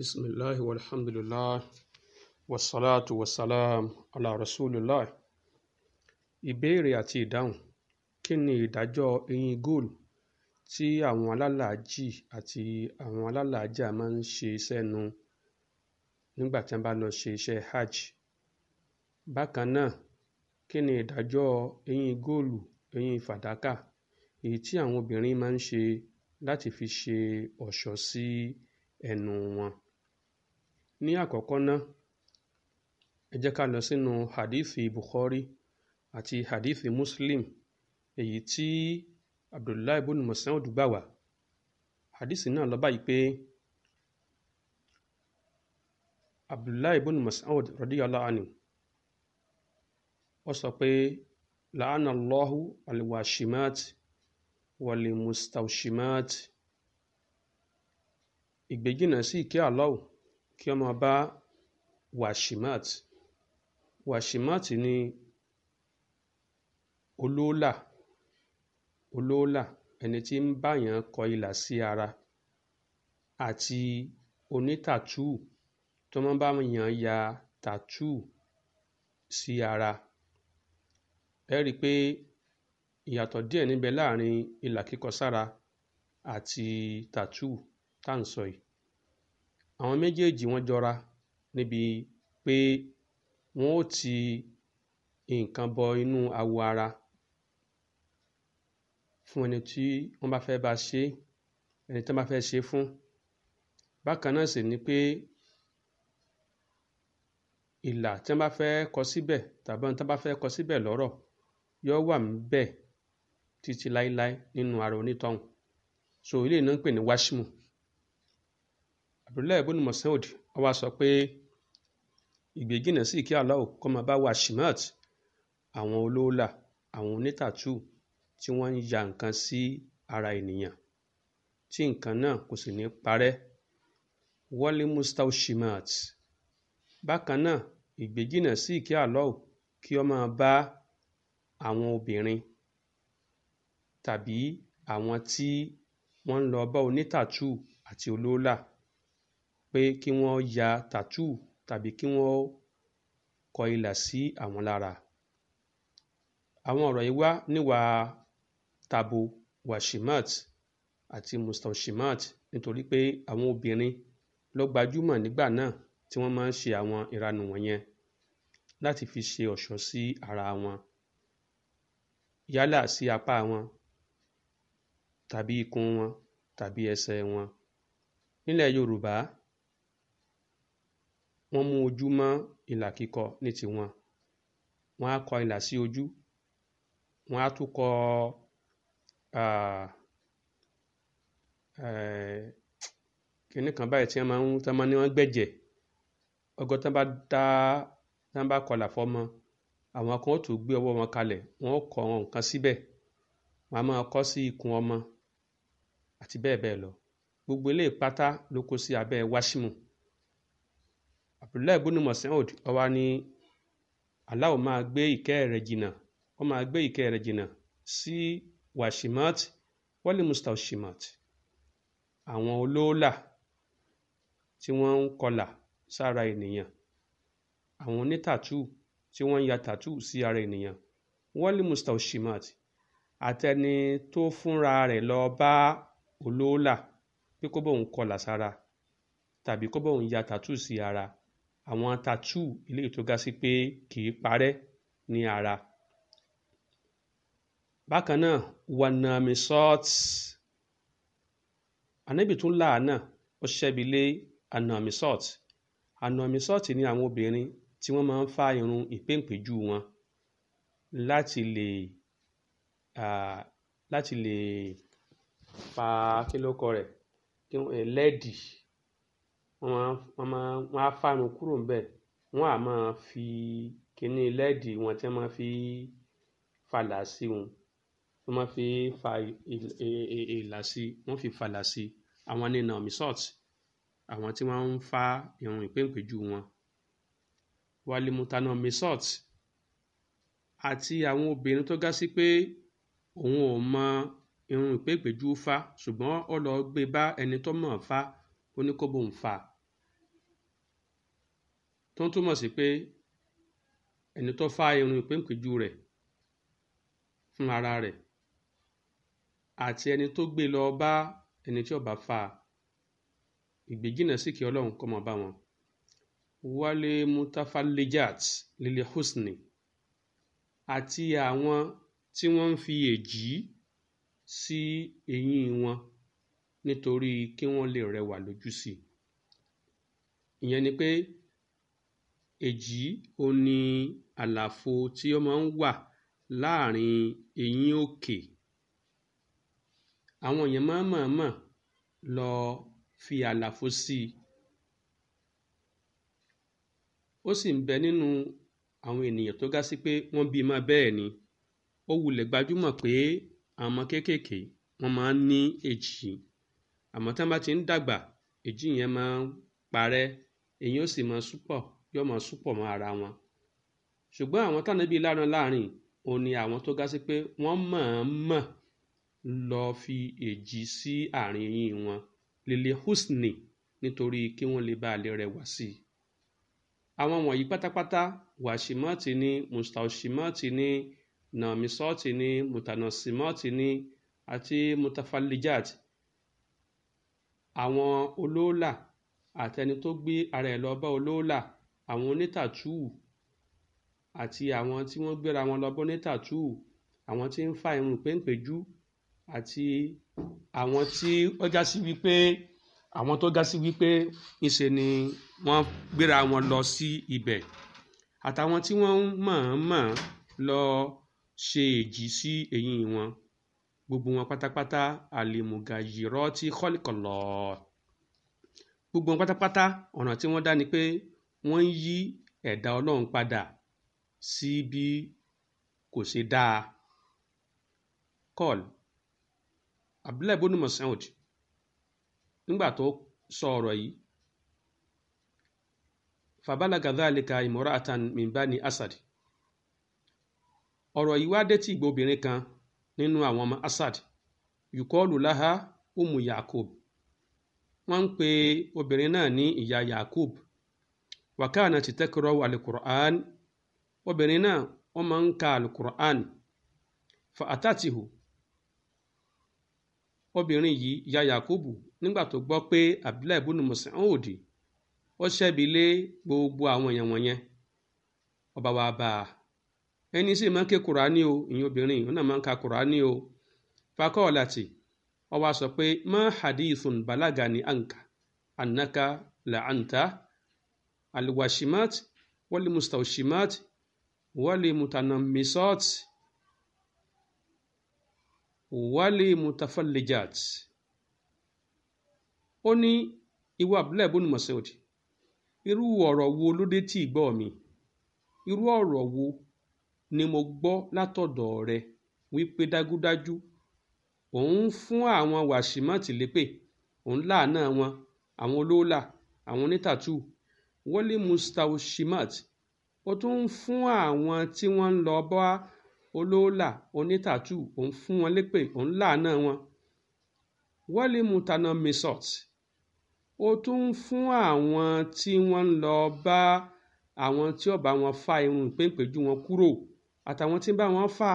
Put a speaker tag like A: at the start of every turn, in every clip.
A: بسم الله والحمد لله والصلاة والسلام على رسول الله ìbéèrè àti ìdáhùn kí ni ìdájọ́ eyín góòlù tí àwọn alálàájì àti àwọn alálàájà máa ń ṣe sẹ́nu nígbà tí wọ́n bá lọ ṣe iṣẹ́ hajj bákan náà kí ni ìdájọ́ eyín góòlù eyín fàdákà èyí tí àwọn obìnrin máa ń ṣe láti fi ṣe ọ̀ṣọ́ sí ẹnu wọn. Ní àkọ́kọ́ ná, ẹ jẹ́ ká lọ sínú hadithi Bukhari àti hadithi Muslim èyí tí Abdullahi ibn Mas'ud gbà wá. Hadithi náà lọ báyìí pé Abdullahi ibn Mas'ud radiyallahu anhu ó sọ pé la'ana Allahu al-washimat ìgbéjìnà sí ìkẹ́ àlọ́hùn kí ó máa bá washimat washimat ni olóólà olóólà ẹni tí ń báyàn kọ ilà sí ara àti onítàtú tó máa ń bá yàn ya tàtú sí ara ẹ rí i pé ìyàtọ̀ díẹ̀ níbẹ̀ láàrin ilà kíkọ sára àti tàtú tá à ń sọ yìí àwọn méjèèjì wọ́n jọra níbi pé wọ́n ó ti nǹkan bọ inú awọ ara fún ẹni tí wọ́n bá fẹ́ bá ṣe ẹni tí wọ́n bá fẹ́ ṣe fún bákan náà sì ni pé ìlà tí wọ́n bá fẹ́ kọ síbẹ̀ tàbí ohun tí wọ́n bá fẹ́ kọ síbẹ̀ lọ́rọ̀ yóò wà níbẹ̀ títí láéláé nínú ara onítọ̀hún so eléyìí náà ń pè ní wáṣímù abdullahi ibn masoud wá sọ pé ìgbégínà sí kí aláwọ̀ kọ́ máa bá wa shimat àwọn olóòlà àwọn onítàtù tí wọ́n ń ya nǹkan sí ara ènìyàn tí nǹkan náà kò sì ní parẹ́ wọ́lé mustau shimat bákan náà ìgbégínà sí kí aláwọ̀ kí ó máa bá àwọn obìnrin tàbí àwọn tí wọ́n ń lọ bá onítàtù àti olóòlà pé kí wọ́n ya tattoo tàbí kí wọ́n kọ ilà sí àwọn lára. Àwọn ọ̀rọ̀ yìí wá níwà tabo washimat àti mustoshimat nítorí pé àwọn obìnrin ló gbajúmọ̀ nígbà náà tí wọ́n máa ń ṣe àwọn ìranù wọ̀nyẹn láti fi ṣe ọ̀ṣọ́ sí ara wọn yálà sí apá wọn tàbí ikùn wọn tàbí ẹsẹ̀ wọn. Nílẹ̀ Yorùbá wọ́n mú ojú mọ́ ìlà kíkọ ní tiwọn wọ́n á kọ ìlà sí ojú wọ́n á tún kọ kìnnì kan báyìí tí wọ́n máa ń tán máa ní wọ́n gbẹ̀jẹ̀ ọgọ́ tán bá dá tán bá kọlà fọ́mọ àwọn kan ó tún gbé ọwọ́ wọn kalẹ̀ wọ́n ó kọ àwọn nǹkan síbẹ̀ wọ́n á máa kọ sí ikùn ọmọ àti bẹ́ẹ̀ bẹ́ẹ̀ lọ gbogbo eléyìí pátá ló kó sí abẹ́ wáṣímù abdullahi ibn Mas'ud ó wá ní Allah máa gbé ìkẹ́ rẹ̀ jìnnà ó máa gbé ìkẹ́ rẹ̀ jìnnà sí washimat wali mustawshimat àwọn olóòlà tí wọ́n ń kọlà sára ènìyàn àwọn onítàtù tí wọ́n ń ya tàtù sí ara ènìyàn wali mustawshimat àtẹni tó fúnra rẹ̀ lọ bá olóòlà pé kó bóun kọlà sára tàbí kó bóun ya tàtù sí ara àwọn tattoo eléyìí tó ga sí pé kì í parẹ́ ní ara bákan náà wanami sọ́ọ̀tì anábì tún láàánà ó ṣẹ́bi lé anami sọ́ọ̀tì anami sọ́ọ̀tì ni àwọn obìnrin tí wọ́n máa ń fa irun ìpéǹpéjú wọn láti lè láti lè pa kí ló kọ rẹ̀ lẹ́ẹ̀dì wọ́n á fánu kúrò ńbẹ̀ wọ́n á máa fi kíní lẹ́ẹ̀dì wọn tí wọ́n máa fi falà sí wọn wọ́n máa fi fa ìlà sí wọ́n fi falà sí àwọn ní Naomi salt àwọn tí wọ́n ń fa irun ìpéǹpéjú wọn wálé mutana misalt àti àwọn obìnrin tó gá sí pé òun ò mọ irun ìpéǹpéjú fa ṣùgbọ́n ó lọ gbé bá ẹni tó mọ̀ fa ó ní fa tó ń túmọ̀ sí pé ẹni tó fá irun ìpéǹpéjú rẹ̀ fún ara rẹ̀ àti ẹni tó gbé lọ bá ẹni tí ó bá fá ìgbéjìnà sí kí ọlọ́run kọ́ máa bá wọn wálé mutafalejat lílẹ̀ husni àti àwọn tí wọ́n ń fi èjì sí eyín wọn nítorí kí wọ́n lè rẹwà lójú sí i ìyẹn ni pé èjì òun ni àlàfo tí ó máa ń wà láàrin eyín òkè àwọn èèyàn máa mọ̀ọ́mọ̀ lọ fi àlàfo sí i ó sì ń bẹ nínú àwọn ènìyàn tó gá sí pé wọ́n bí mọ́ bẹ́ẹ̀ ni ó wulẹ̀ gbajúmọ̀ pé àwọn ọmọ kéékèèké wọ́n máa ń ní èjì àmọ́ tí wọ́n bá ti ń dàgbà èjì yẹn máa ń parẹ́ eyín ó sì máa ṣú yóò máa súpọ̀ mọ́ ara wọn ṣùgbọ́n àwọn tánàbí lánàá láàrin ò ní àwọn tó ga sí pé wọ́n mọ̀ọ́mọ̀ lọ fi èjì sí àárín eyín wọn lèlè húsnì nítorí kí wọ́n lè bá a lè rẹwà sí i àwọn wọ̀nyí pátápátá wàṣímọ́ọ̀tì ní mùsàlùṣímọ́ọ̀tì ní nàmísọ́ọ̀tì ní mùtànàṣímọ́ọ̀tì ní àti mutafallijat àwọn olóòlà àtẹni tó gbé ara ẹ̀ lọ bá olóòlà àwọn onítàtúù àti àwọn tí wọ́n gbéra wọn lọ bọ́ onítàtúù àwọn tí ń fa irun péńpéjú àti àwọn tí ó já sí wípé àwọn tó já sí wípé ńṣe ni wọ́n gbéra wọn lọ sí ibẹ̀ àtàwọn tí wọ́n mọ̀-mọ̀ lọ ṣe èjì sí eyín wọn gbogbo wọn pátápátá àlèmùgà yìí rọ́ọ̀tì gbogbo wọn pátápátá ọ̀nà tí wọ́n dá ni pé wọ́n ń yí ẹ̀dá Ọlọ́run padà sí bí kò ṣe dáa. Kọ́ọ̀lù Abúlé Bonu Masoud nígbà tó sọ ọ̀rọ̀ yìí fàbálàgà dhalika imra'atan min bani Asad ọ̀rọ̀ yìí wá dé tí ìgbà obìnrin kan nínú àwọn ọmọ Asad yukọ́ọ̀lù láha umu Yakub wọ́n ń pe obìnrin náà ní ìyá Yakub. wakana ti tẹ́kọ̀rọ̀ alukur'an obìnrin náà wọ́n máa ń ka alukur'an fa atatihu, obìnrin yìí ya yakubu nígbà tó gbọ́ pé abdullahi ibùnú Mas'udi ó ṣẹ́bi lé gbogbo àwọn èèyàn wọ̀nyẹn ọba wa bá a ẹni sì máa ń ké kùránì o ìyẹn obìnrin ìyẹn náà máa ń ka kùránì o fakọ́ọ̀làtì ọwọ́ a sọ pé má hadithun balaga ni anka anaka la anta alwashimat walimustawshimat walimutanammissat walimutafallijat ó ní ìwà abdullahi ibn Mas'ud irú ọ̀rọ̀ wo ló dé tí ìgbọ́ mi irú ọ̀rọ̀ wo ni mo gbọ́ látọ̀dọ̀ rẹ wípé dájúdájú òun fún àwọn wàṣímọ́tì lépè òun láàánà wọn àwọn olóòlà àwọn onítàtù wọlé mustawshimat ó tún ń fún àwọn tí wọ́n ń lọ bá olóólà onítàtú òun fún wọn lépè òun láàánà wọn wọlé mutanamisot ó tún ń fún àwọn tí wọ́n ń lọ bá àwọn tí ó bá wọn fa irun ìpéǹpéjú wọn kúrò àtàwọn tí ń bá wọn fa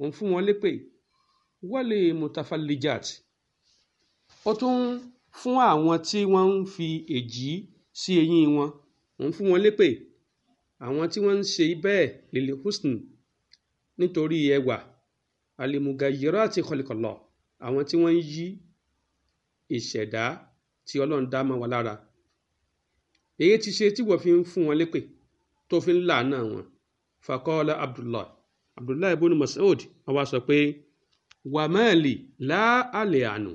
A: òun fún wọn lépè wọlé mutafalijat ó tún ń fún àwọn tí wọ́n ń fi èjì sí eyín wọn mò ń fún wọn lépè àwọn tí wọ́n ń ṣe bẹ́ẹ̀ lèlè husn nítorí ẹwà alimugayyira ti kọlìkọlọ àwọn tí wọ́n ń yí ìṣẹ̀dá tí ọlọ́run dá mọ́ wa lára èyí ti ṣe tí wọ́n fi ń fún wọn lépè tó fi ń làánà wọn fakọ́lá abdullahi abdullahi ibn mas'ud àwa sọ pé wà láàlẹ̀ àánú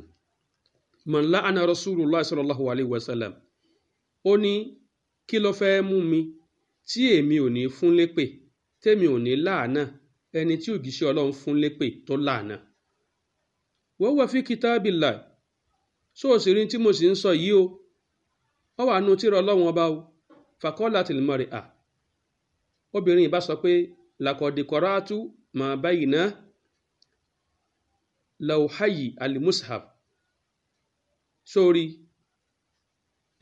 A: man la'ana rasulullah sallallahu alayhi wa sallam ó ní kí ló fẹ́ẹ́ mú mi tí èmi ò ní fún lépè tèmi ò ní láàánà ẹni tí òjíṣẹ́ ọlọ́run fún lépè tó láàánà. wọ́n wà fi kìtàbìlà sọ òsèré tí mo sì ń sọ yìí o ọ wà nù tírà ọlọ́run ọba o fàkọ́lá tìlímọ̀rì à obìnrin ìbá sọ pé làkọ̀dìkọ̀ràtú mà báyìí ná làwùháyì alimushaf sórí. So,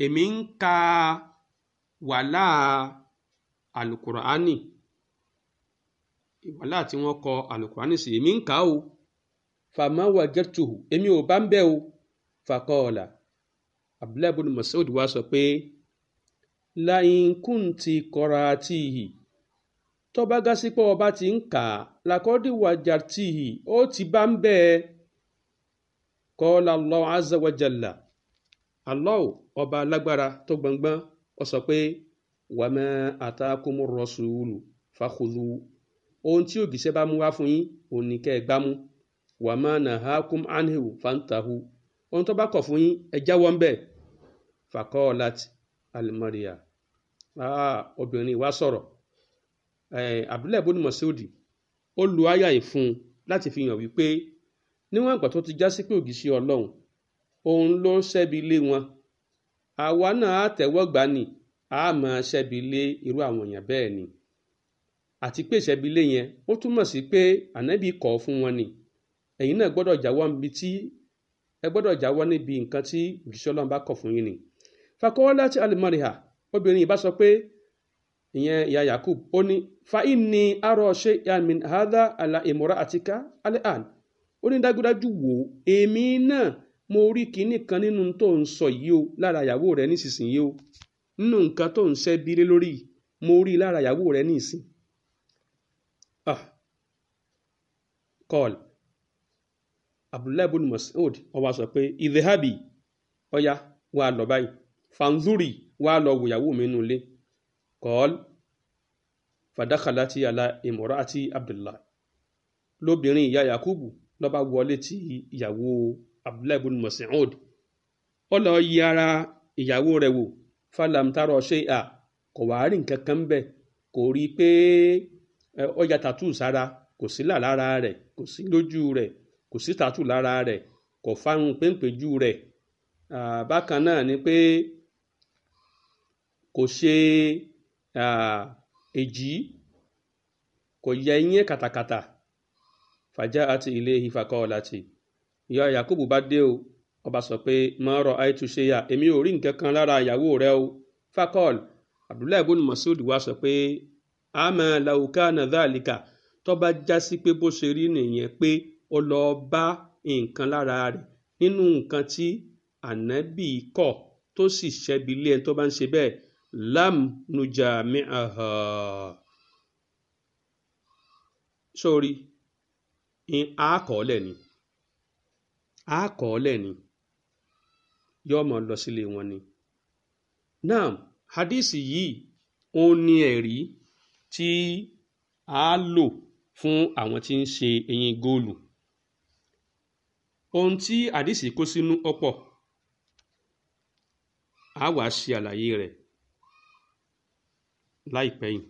A: èmi ń ka wàhálà alukurani wàhálà tí wọ́n kọ alukurani sí èmi ń kà á o fàmà wà jẹ́tùhù èmi ò bá ń bẹ́ o fàkọọ̀là abdullahi bin masoud wa sọ pé láyínkùn ti kọra àti ìhì tọ́ba gásípọ̀ ọba ti ń kà á làkọ́dìwàjà tìhì ó ti bá ń bẹ́ ẹ kọ́ọ́lá Allah azza wa jalla. Allahu ọba alágbára tó gbọngbọ́n ó sọ pé wàmẹ́ àtàkùnmọ́ rọ́ṣùlù fàkùlù ohun tí ògìṣẹ́ bá mú wá fún yín òun ní kẹ́ ẹ gbámú wàmẹ́ nàhákùn anhu fantahu ohun tó bá kọ̀ fún yín ẹ jáwọ́ ń bẹ̀ fakọ́ọ̀lat alimọ́ríà ah, obìnrin wa sọ̀rọ̀ Abdullahi boni Masoudi ó lu àyà fún un láti fi hàn wípé níwọ̀n ìgbà tó ti já sí pé ògìṣẹ́ ọlọ́run òun ló ń ṣẹ́bi lé wọn àwa náà á tẹ́wọ́ gbà ní a máa ṣẹ́bi lé irú àwọn èèyàn bẹ́ẹ̀ ni àti pé ìṣẹ́bi lé yẹn ó túmọ̀ sí pé ànábì kọ̀ fún wọn ni ẹ̀yin náà gbọ́dọ̀ jáwọ́ níbi tí ẹ gbọ́dọ̀ jáwọ́ níbi nǹkan tí òṣìṣẹ́ bá kọ̀ fún yín ni fakọ́wọ́lá tí alimọ́rìhà obìnrin yìí sọ pé ìyẹn ìyá yakub ó ní fa inni arọ ṣe yamin hadha ala imora atika alẹ́ àn ó ní dájúdájú wò èmi náà mo rí kinní kan nínú tó ń sọ yìí o lára ìyàwó rẹ nísinsìnyí o nínú nǹkan tó ń ṣẹ́ bílé lórí mo rí lára ìyàwó rẹ nísìn. Ah, kọ́ọ̀lù abdullahi bin mas'ud ó wá sọ pé ìdèhàbì ọ̀ya wà lọ báyìí fanzuri wà lọ wòyàwó mi nù ilé kọ́ọ̀lù fàdákàlátì àlà ìmọ̀ràn àti abdullahi lóbìnrin ìyá yakubu ló wọlé tí ìyàwó abdullahi ibn mas'ud ó lọ yí ara ìyàwó rẹ̀ wò falam ṣe à kò wá rí nǹkan kan bẹ́ẹ̀ kò rí i pé ó ya tàtú sára kò sí là lára rẹ̀ kò sí lójú rẹ̀ kò sí tàtú lára rẹ̀ kò fárun péńpéjú rẹ̀ bákan náà ni pé kò ṣe èjì kò yẹ yín kàtàkàtà fàjà àti ilé ìfakọ́ ọ̀la ìyá yakubu bá dé o ọba sọ pé mọ́rọ̀ àìtúnṣe yà èmi ò rí nǹkan kan lára ìyàwó rẹ o fakọ́l abdullahi ibn masud wa sọ pé àmọ́ làwùká nàdàlíkà tọ́ba já sí pé bó ṣe rí nìyẹn pé ó lọ bá nǹkan lára rẹ̀ nínú nǹkan tí ànábì kọ̀ tó sì ṣẹ́bi ilé ẹni tó bá ń ṣe bẹ́ẹ̀ lam nujà mi sórí àkọọ́lẹ̀ ni á kọ̀ ọ́ lẹ̀ ni yóò mọ̀ lọ sílé wọn ni. náà hadísì yìí ó ní ẹ̀rí tí a lò fún àwọn tí ń ṣe eyín góòlù ohun tí hadísì kó sínú ọ̀pọ̀ a wàá ṣe àlàyé rẹ̀ láìpẹ́ yìí.